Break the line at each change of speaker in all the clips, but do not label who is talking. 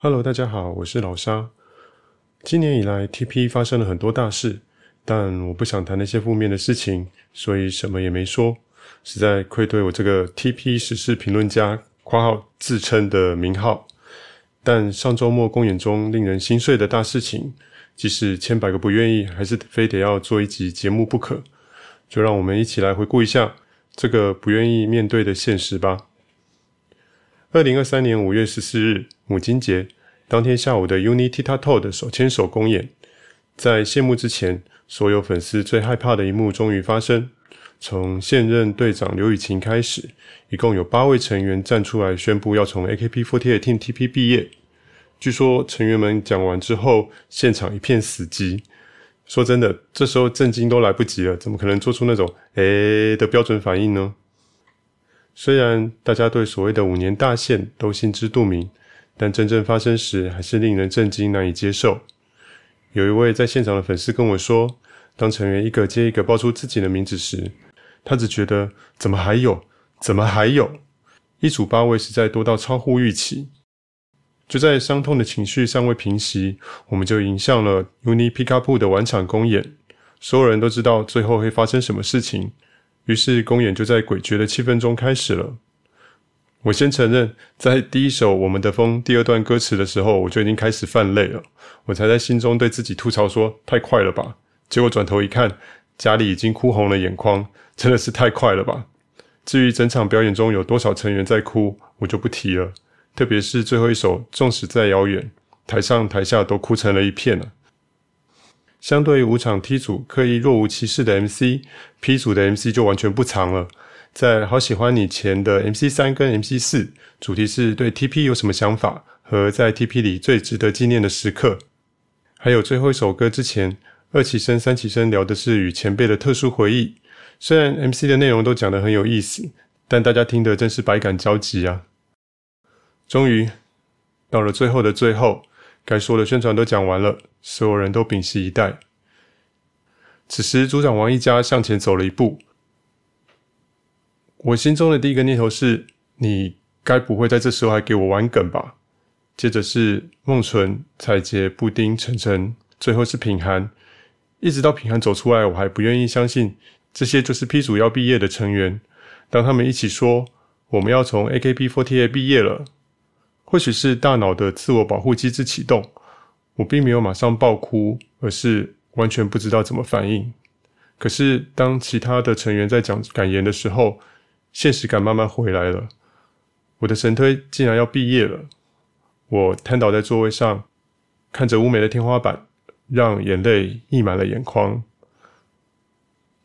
Hello，大家好，我是老沙。今年以來，TP 發生了很多大事，但我不想談那些負面的事情，所以什麼也沒說，實在愧對我這個 TP 時事評論家（括號自稱的名號）。但上週末公演中令人心碎的大事情，即使千百個不願意，還是非得要做一集節目不可。就讓我們一起來回顧一下這個不願意面對的現實吧。二零二三年五月十四日，母親節當天下午的《Unit》的手牽手公演，在謝幕之前，所有粉絲最害怕的一幕終於發生。從現任隊長劉雨晴開始，一共有八位成員站出來宣布要從 AKB48 Team TP 畢業。據說成員們講完之後，現場一片死寂。說真的，這時候震驚都來不及了，怎麼可能做出那種“誒”的標準反應呢？雖然大家對所謂的“五年大限”都心知肚明，但真正發生時，還是令人震驚、難以接受。有一位在現場的粉絲跟我說：“當成員一個接一個報出自己的名字時，他只覺得怎麼還有？怎麼還有？一組八位實在多到超乎預期。”就在傷痛的情緒尚未平息，我們就迎向了 UNI Picapo 的晚場公演。所有人都知道最後會發生什麼事情，於是公演就在詭譎的氣氛中開始了。我先承認，在第一首《我們的風》第二段歌詞的時候，我就已經開始泛淚了。我才在心中對自己吐槽說：“太快了吧！”結果轉頭一看，家裡已經哭紅了眼眶，真的是太快了吧。至於整場表演中有多少成員在哭，我就不提了。特別是最後一首，縱使再遙遠，台上台下都哭成了一片了。相對於五場 T 組刻意若無其事的 MC，P 組的 MC 就完全不藏了。在好喜歡你前的 MC 三跟 MC 四，主題是對 TP 有什麼想法，和在 TP 裡最值得紀念的時刻。還有最後一首歌之前，二期生三期生聊的是與前輩的特殊回憶。雖然 MC 的內容都講得很有意思，但大家聽得真是百感交集啊。終於到了最後的最後，該說的宣傳都講完了，所有人都屏息以待。此時，組長王一佳向前走了一步。我心中的第一個念頭是：你該不會在這時候還給我玩梗吧？接着是夢純、彩潔、布丁、晨晨，最後是品涵。一直到品涵走出來，我還不願意相信這些就是 P 組要畢業的成員。當他們一起說：“我們要從 AKB48 畢業了。”或許是大腦的自我保護機制啟動，我並沒有馬上爆哭，而是完全不知道怎麼反應。可是當其他的成員在講感言的時候，現實感慢慢回來了。我的神推竟然要畢業了，我癱倒在座位上，看着烏梅的天花板，讓眼淚溢滿了眼眶。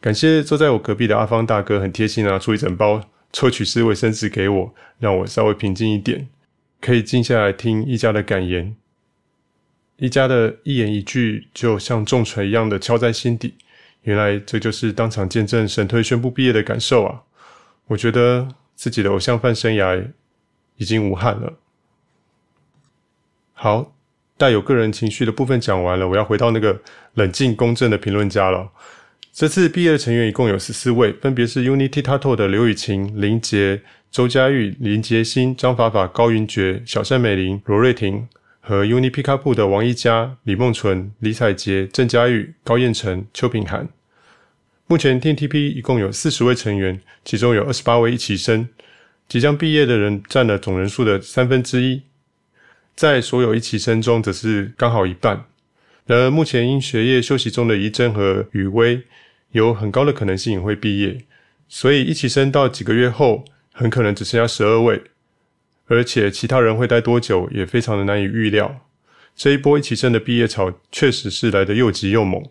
感謝坐在我隔壁的阿方大哥，很貼心拿出一整包抽取式衛生紙給我，讓我稍微平靜一點。可以靜下來聽一家的感言，一家的一言一句就像重錘一樣的敲在心底。原來這就是當場見證神推宣布畢業的感受啊！我覺得自己的偶像飯生涯已經無憾了。好，帶有個人情緒的部分講完了，我要回到那個冷靜公正的評論家了。這次畢業的成員一共有十四位，分別是 Unit TiTaTo 的劉雨晴、林杰、周佳玉、林杰鑫、張法法、高雲珏、小善美玲、羅瑞婷和 Unit Pika 的王一嘉、李夢純、李彩杰、鄭佳玉、高彥辰、邱品涵。目前 TTP 一共有四十位成員，其中有二十八位一期生，即將畢業的人佔了總人數的三分之一，在所有一期生中則是剛好一半。然而，目前因學業休息中的怡珍和雨薇，有很高的可能性也會畢業，所以一期生到幾個月後，很可能只剩下十二位，而且其他人會待多久也非常的難以預料。這一波一期生的畢業潮確實是來得又急又猛。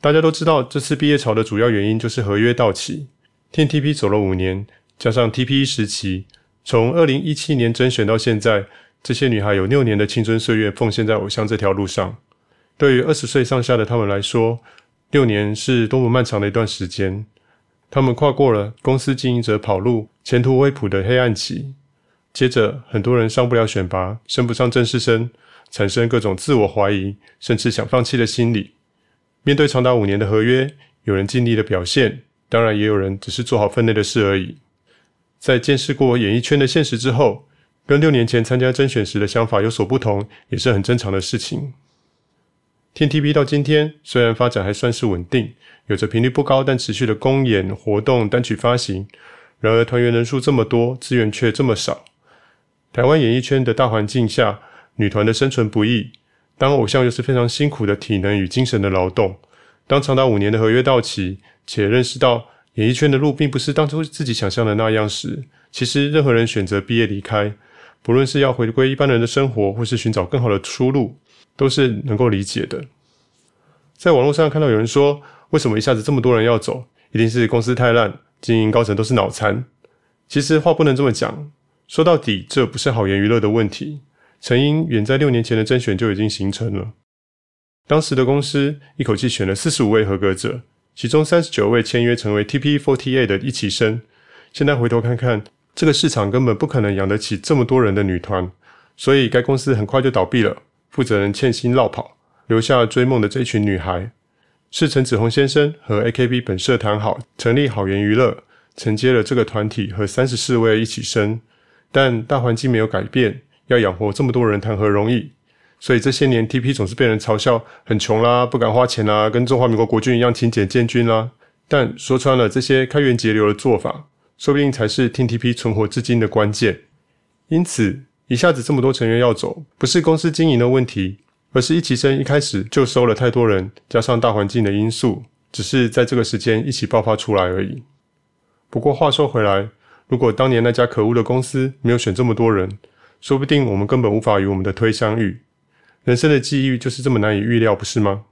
大家都知道，這次畢業潮的主要原因就是合約到期。Team TP 走了五年，加上 TPE 時期，從二零一七年甄選到現在，這些女孩有六年的青春歲月奉獻在偶像這條路上。對於二十歲上下的她們來說，六年是多麼漫長的一段時間，他們跨過了公司經營者跑路，前途未卜的黑暗期。接着，很多人上不了選拔，升不上正式生，產生各種自我懷疑，甚至想放棄的心理。面對長達五年的合約，有人盡力的表現，當然也有人只是做好分內的事而已。在見識過演藝圈的現實之後，跟六年前參加甄選時的想法有所不同，也是很正常的事情。TTP 到今天，雖然發展還算是穩定，有着頻率不高但持續的公演活動、單曲發行。然而，團員人數這麼多，資源卻這麼少。台灣演藝圈的大環境下，女團的生存不易。當偶像又是非常辛苦的體能與精神的勞動，當長達五年的合約到期，且認識到演藝圈的路並不是當初自己想象的那樣時，其實任何人選擇畢業離開，不論是要回歸一般人的生活，或是尋找更好的出路。都是能夠理解的。在網絡上看到有人說：“為什麼一下子這麼多人要走？一定是公司太爛，經營高層都是腦殘。”其實話不能這麼講。說到底，這不是好言娛樂的問題，成因遠在六年前的甄選就已經形成了。當時的公司一口氣選了四十五位合格者，其中三十九位簽約成為 TP48 的一期生。現在回頭看看，這個市場根本不可能養得起這麼多人的女團，所以該公司很快就倒閉了。負責人欠薪落跑，留下追夢的這群女孩，是陳子鴻先生和 AKB 本社談好，成立好源娛樂，承接了這個團體和三十四位一期生。但大環境沒有改變，要養活這麼多人談何容易？所以這些年 T.P 總是被人嘲笑很窮啦，不敢花錢啦，跟中華民國國軍一樣勤儉建軍啦。但說穿了，這些開源節流的做法，說不定才是 T.T.P 存活至今的關鍵。因此。一下子這麼多成員要走，不是公司經營的問題，而是一期生一開始就收了太多人，加上大環境的因素，只是在這個時間一起爆發出來而已。不過話說回來，如果當年那家可惡的公司沒有選這麼多人，說不定我們根本無法與我們的推相遇。人生的際遇就是這麼難以預料，不是嗎？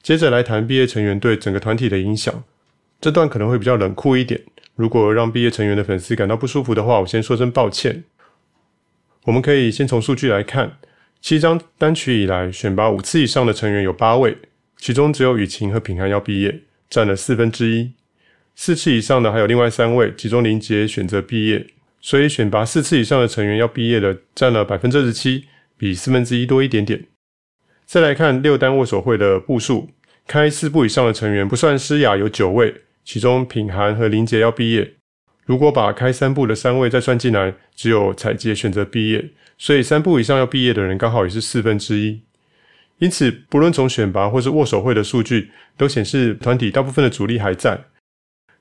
接着來談畢業成員對整個團體的影響，這段可能會比較冷酷一點。如果讓畢業成員的粉絲感到不舒服的話，我先說聲抱歉。我們可以先從數據來看，七張單曲以來選拔五次以上的成員有八位，其中只有雨晴和品寒要畢業，占了四分之一。四次以上的還有另外三位，其中林杰選擇畢業，所以選拔四次以上的成員要畢業的占了百分之二十七，比四分之一多一點點。再來看六單握手會的步數，開四步以上的成員不算詩雅，有九位，其中品寒和林杰要畢業。如果把開三部的三位再算進來，只有采杰選擇畢業，所以三部以上要畢業的人剛好也是四分之一。因此，不論從選拔或是握手會的數據，都顯示團體大部分的主力還在。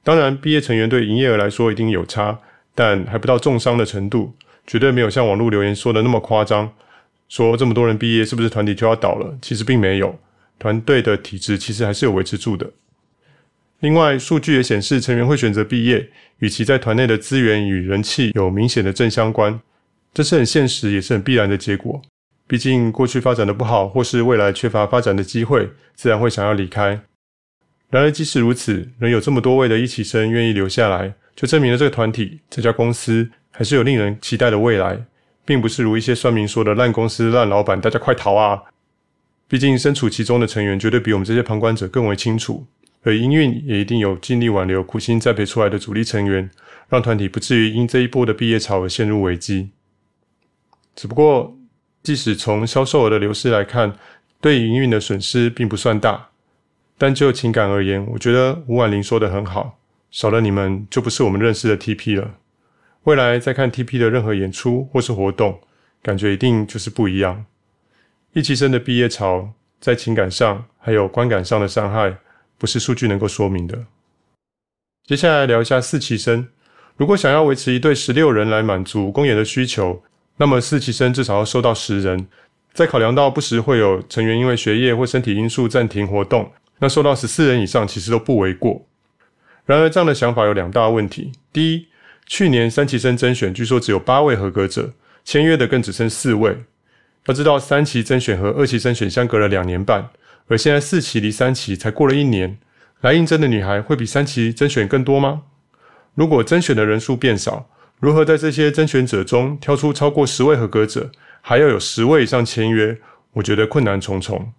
當然，畢業成員對營業額來說一定有差，但還不到重傷的程度，絕對沒有像網絡留言說的那麼誇張。說這麼多人畢業是不是團體就要倒了？其實並沒有，團隊的體質其實還是有維持住的。另外，數據也顯示，成員會選擇畢業，與其在團內的資源與人氣有明顯的正相關。這是很現實，也是很必然的結果。畢竟過去發展的不好，或是未來缺乏發展的機會，自然會想要離開。然而，即使如此，能有這麼多位的一期生願意留下來，就證明了這個團體、這家公司還是有令人期待的未來，並不是如一些算命說的爛公司、爛老闆，大家快逃啊！畢竟身處其中的成員絕對比我們這些旁觀者更為清楚。而營運也一定有盡力挽留苦心栽培出來的主力成員，讓團體不至於因這一波的畢業潮而陷入危機。只不過，即使從銷售額的流失來看，對營運的損失並不算大。但就情感而言，我覺得吳婉玲說得很好，少了你們，就不是我們認識的 TP 了。未來再看 TP 的任何演出或是活動，感覺一定就是不一樣。一期生的畢業潮，在情感上還有觀感上的傷害，不是數據能夠說明的。接下來，來聊一下四期生，如果想要維持一對十六人來滿足公演的需求，那麼四期生至少要收到十人。再考量到不時會有成員因為學業或身體因素暫停活動，那收到十四人以上其實都不為過。然而這樣的想法有兩大問題：第一，去年三期生甄選據說只有八位合格者，簽約的更只剩四位。要知道三期甄選和二期甄選相隔了兩年半。而現在四期離三期才過了一年，來應徵的女孩會比三期甄選更多嗎？如果甄選的人數變少，如何在這些甄選者中挑出超過十位合格者，還要有十位以上簽約？我覺得困難重重。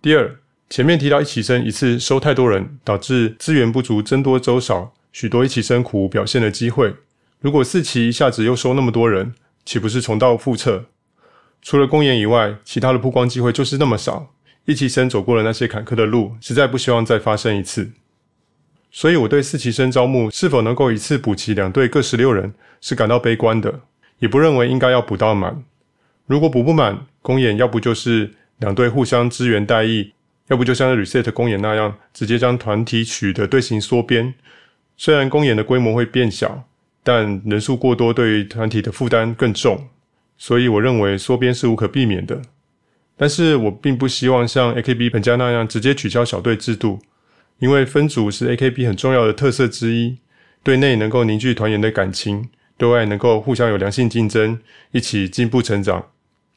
第二，前面提到一期生一次收太多人，導致資源不足，僧多粥少，許多一期生苦無表現的機會。如果四期一下子又收那麼多人，豈不是重蹈覆轍？除了公演以外，其他的曝光機會就是那麼少。一期生走過了那些坎坷的路，實在不希望再發生一次。所以，我對四期生招募是否能夠一次補齊兩隊各十六人是感到悲觀的，也不認為應該要補到滿。如果補不滿，公演要不就是兩隊互相支援代役，要不就像 reset 公演那樣直接將團體取的隊形縮編。雖然公演的規模會變小，但人數過多對於團體的負擔更重。所以，我認為縮編是無可避免的。但是我並不希望像 AKB 本家那樣直接取消小隊制度，因為分組是 AKB 很重要的特色之一，對內能夠凝聚團員的感情，對外能夠互相有良性競爭，一起進步成長。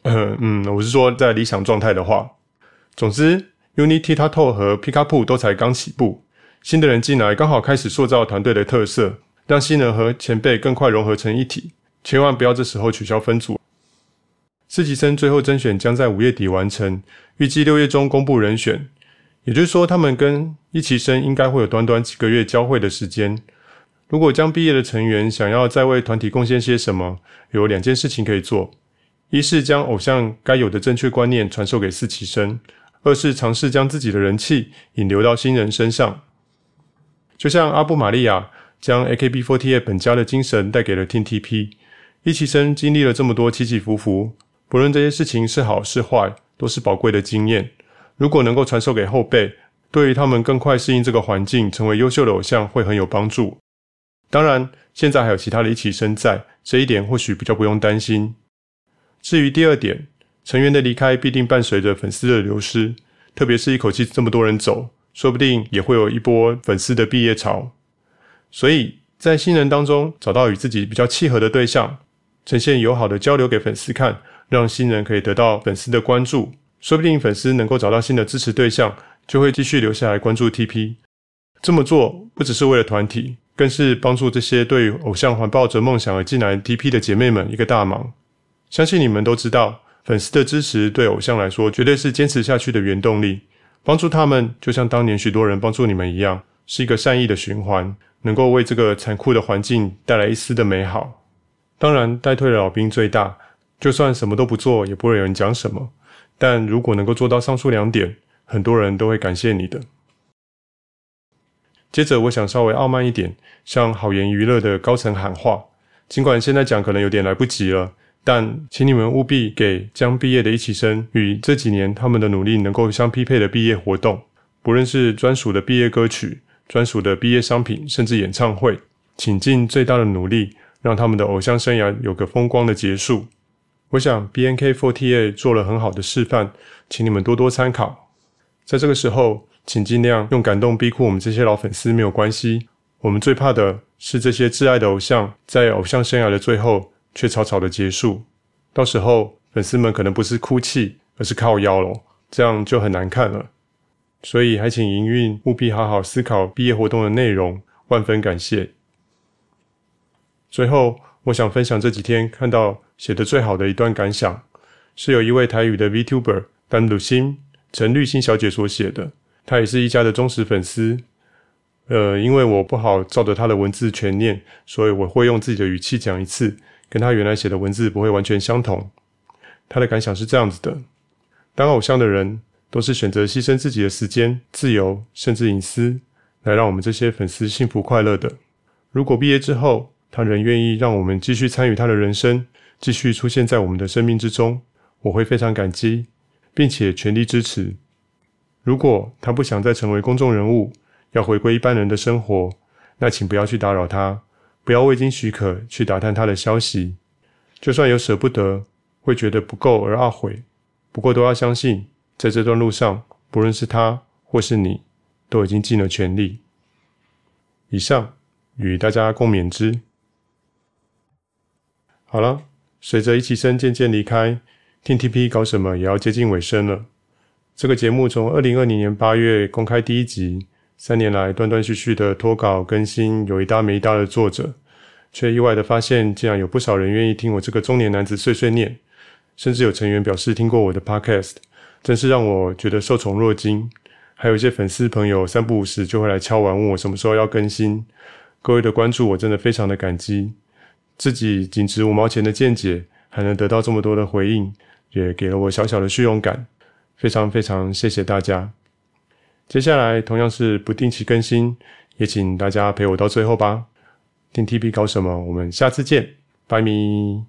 嗯、呃、嗯，我是說在理想狀態的話。總之，Unity、Tato 和皮卡普都才剛起步，新的人進來剛好開始塑造團隊的特色，讓新人和前輩更快融合成一體，千萬不要這時候取消分組。四期生最後甄選將在五月底完成，預計六月中公布人選。也就是說，他們跟一期生應該會有短短幾個月交會的時間。如果將畢業的成員想要再為團體貢獻些什麼，有兩件事情可以做：一是將偶像該有的正確觀念傳授給四期生；二是嘗試將自己的人氣引流到新人身上。就像阿布瑪利亞將 AKB48 本家的精神帶給了 Team TP，一期生經歷了這麼多起起伏伏。不論這些事情是好是壞，都是寶貴的經驗。如果能夠傳授給後輩，對於他們更快適應這個環境、成為優秀的偶像，會很有幫助。當然，現在還有其他的一期生在，這一點或許比較不用擔心。至於第二點，成員的離開必定伴隨着粉絲的流失，特別是一口氣這麼多人走，說不定也會有一波粉絲的畢業潮。所以在新人當中找到與自己比較契合的對象，呈現友好的交流給粉絲看。讓新人可以得到粉絲的關注，說不定粉絲能夠找到新的支持對象，就會繼續留下來關注 TP。這麼做不只是為了團體，更是幫助這些對於偶像懷抱着夢想而進來 TP 的姐妹們一個大忙。相信你們都知道，粉絲的支持對偶像來說絕對是堅持下去的原動力。幫助他們，就像當年許多人幫助你們一樣，是一個善意的循環，能夠為這個殘酷的環境帶來一絲的美好。當然，待退的老兵最大。就算什麼都不做，也不會有人講什麼。但如果能夠做到上述兩點，很多人都會感謝你的。接着，我想稍微傲慢一點，向好言娛樂的高層喊話：儘管現在講可能有點來不及了，但請你們務必給將畢業的一期生與這幾年他們的努力能夠相匹配的畢業活動，不論是專屬的畢業歌曲、專屬的畢業商品，甚至演唱會，請盡最大的努力，讓他們的偶像生涯有個風光的結束。我想 BNK48 做了很好的示範，請你們多多參考。在這個時候，請儘量用感動逼哭我們這些老粉絲，沒有關係。我們最怕的是這些摯愛的偶像，在偶像生涯的最後卻草草的結束。到時候粉絲們可能不是哭泣，而是靠腰了，這樣就很難看了。所以還請營運務必好好思考畢業活動的內容。萬分感謝。最後，我想分享這幾天看到。寫得最好的一段感想是有一位台語的 Vtuber 丹魯辛，陳綠心小姐所寫的。她也是一家的忠實粉絲。呃，因為我不好照着她的文字全念，所以我會用自己的語氣講一次，跟她原來寫的文字不會完全相同。她的感想是這樣子的：當偶像的人都是選擇犧牲自己的時間、自由甚至隱私，來讓我們這些粉絲幸福快樂的。如果畢業之後，她仍願意讓我們繼續參與她的人生，繼續出現在我們的生命之中，我會非常感激，並且全力支持。如果他不想再成為公眾人物，要回歸一般人的生活，那請不要去打擾他，不要未經許可去打探他的消息。就算有捨不得，會覺得不夠而懊悔，不過都要相信，在這段路上，不論是他或是你，都已經盡了全力。以上與大家共勉之。好了。隨着一起聲漸漸離開，聽 T P 搞什麼也要接近尾聲了。這個節目從二零二零年八月公開第一集，三年來斷斷續續的脫稿更新，有一搭沒一搭的作着，卻意外的發現，竟然有不少人願意聽我這個中年男子碎碎念，甚至有成員表示聽過我的 Podcast，真是讓我覺得受寵若驚。還有一些粉絲朋友三不五時就會來敲完，問我什麼時候要更新，各位的關注我真的非常的感激。自己僅值五毛錢的見解，還能得到這麼多的回應，也給了我小小的虛榮感。非常非常謝謝大家！接下來同樣是不定期更新，也請大家陪我到最後吧。Team TP 搞什麼？我們下次見，拜咪。